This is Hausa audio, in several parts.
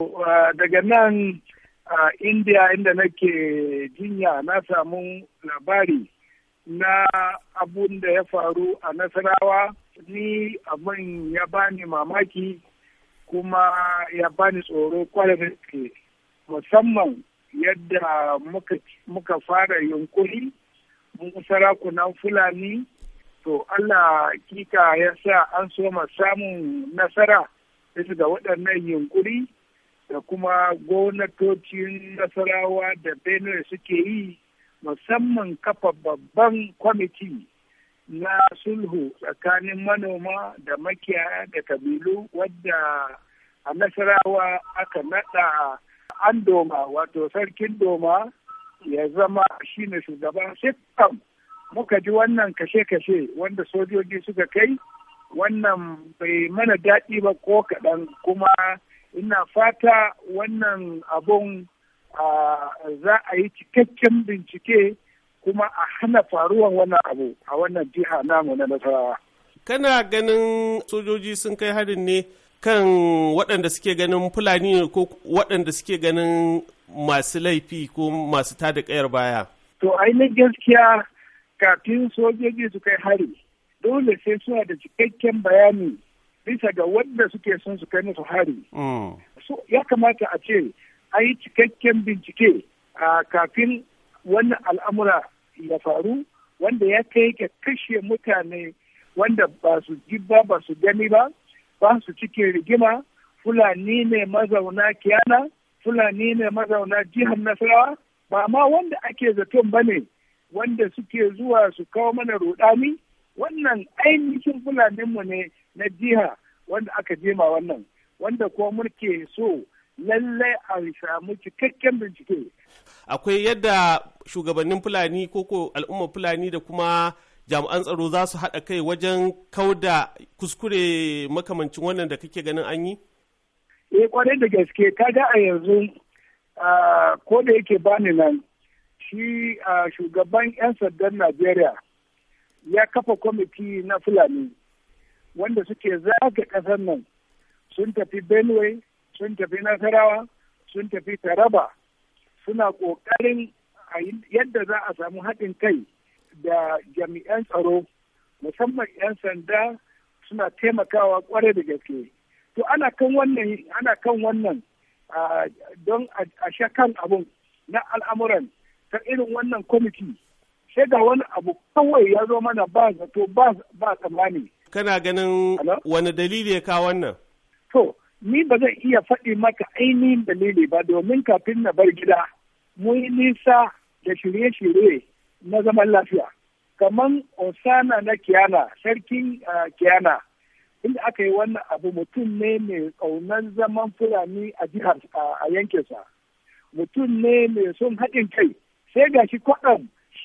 Uh, daga nan a uh, India inda nake jinya na samu labari na abun da ya faru a Nasarawa ni abin ya bani mamaki kuma ya bani tsoro kwarai musamman yadda muka fara yunkuri mu sarakunan fulani to Allah kika ya sa an soma samun nasara bisa ga waɗannan yunkuri da kuma gwamnatocin nasarawa da benue suke yi musamman kafa babban kwamiti na sulhu tsakanin manoma da makiyaya da kabilu wadda a nasarawa aka nada an doma wato sarkin doma ya zama shine shugaban sitkam muka ji wannan kashe-kashe wanda sojoji suka kai wannan bai mana daɗi ba ko kaɗan kuma ina fata wannan abun za a yi cikakken bincike kuma a hana faruwan wannan abu a wannan jiha namu na nasarawa kana ganin sojoji sun kai harin ne kan waɗanda suke ganin fulani ne ko waɗanda suke ganin masu laifi ko masu tada ƙayar baya to ainihin gaskiya kafin sojoji su kai hari dole sai suna da cikakken bayani bisa ga wanda suke son su kai musu hari. Mm. So ya kamata a ce a yi cikakken bincike a kafin wani al'amura ya faru wanda ya kai ka kashe mutane wanda ba su ji ba ba su gani ba ba su cikin rigima fulani ne mazauna kiyana fulani ne mazauna jihar nasarawa ba ma wanda ake zaton ba ne wanda suke zuwa su kawo mana rudani wannan ainihin fulaninmu ne na jiha wanda aka jema wannan wanda kuma muke so lallai a samu cikakken bincike. Akwai yadda shugabannin Fulani ko al'umma Fulani da kuma jami'an tsaro za su haɗa kai wajen kauda kuskure makamancin wannan da kake ganin an yi? Eh kwarai da gaske ga a yanzu ko da yake bani nan shi shugaban 'yan sandan Najeriya ya kafa kwamiti na fulani wanda suke zaga ƙasar nan sun tafi benue sun tafi nasarawa sun tafi taraba suna ƙoƙarin yadda za a samu haɗin kai da jami'an tsaro musamman 'yan sanda suna taimakawa kwarai da gaske to ana kan wannan ana ah, don a sha kan abun na al'amuran ta irin wannan kwamiti sai ga wani abu kawai ya zo mana ba zato ba tsammani. Kana ganin wani dalili ya kawo wannan? To, ni ba zan iya faɗi maka ainihin dalili ba domin kafin na bar gida mun yi nisa da shirye-shirye na zaman lafiya. Kaman Osana na Kiyana, sarkin Kiyana, inda aka yi wannan abu mutum ne mai ƙaunar zaman fulani a jihar a yankinsa. Mutum ne mai son haɗin kai, sai ga shi kwaɗan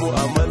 samu a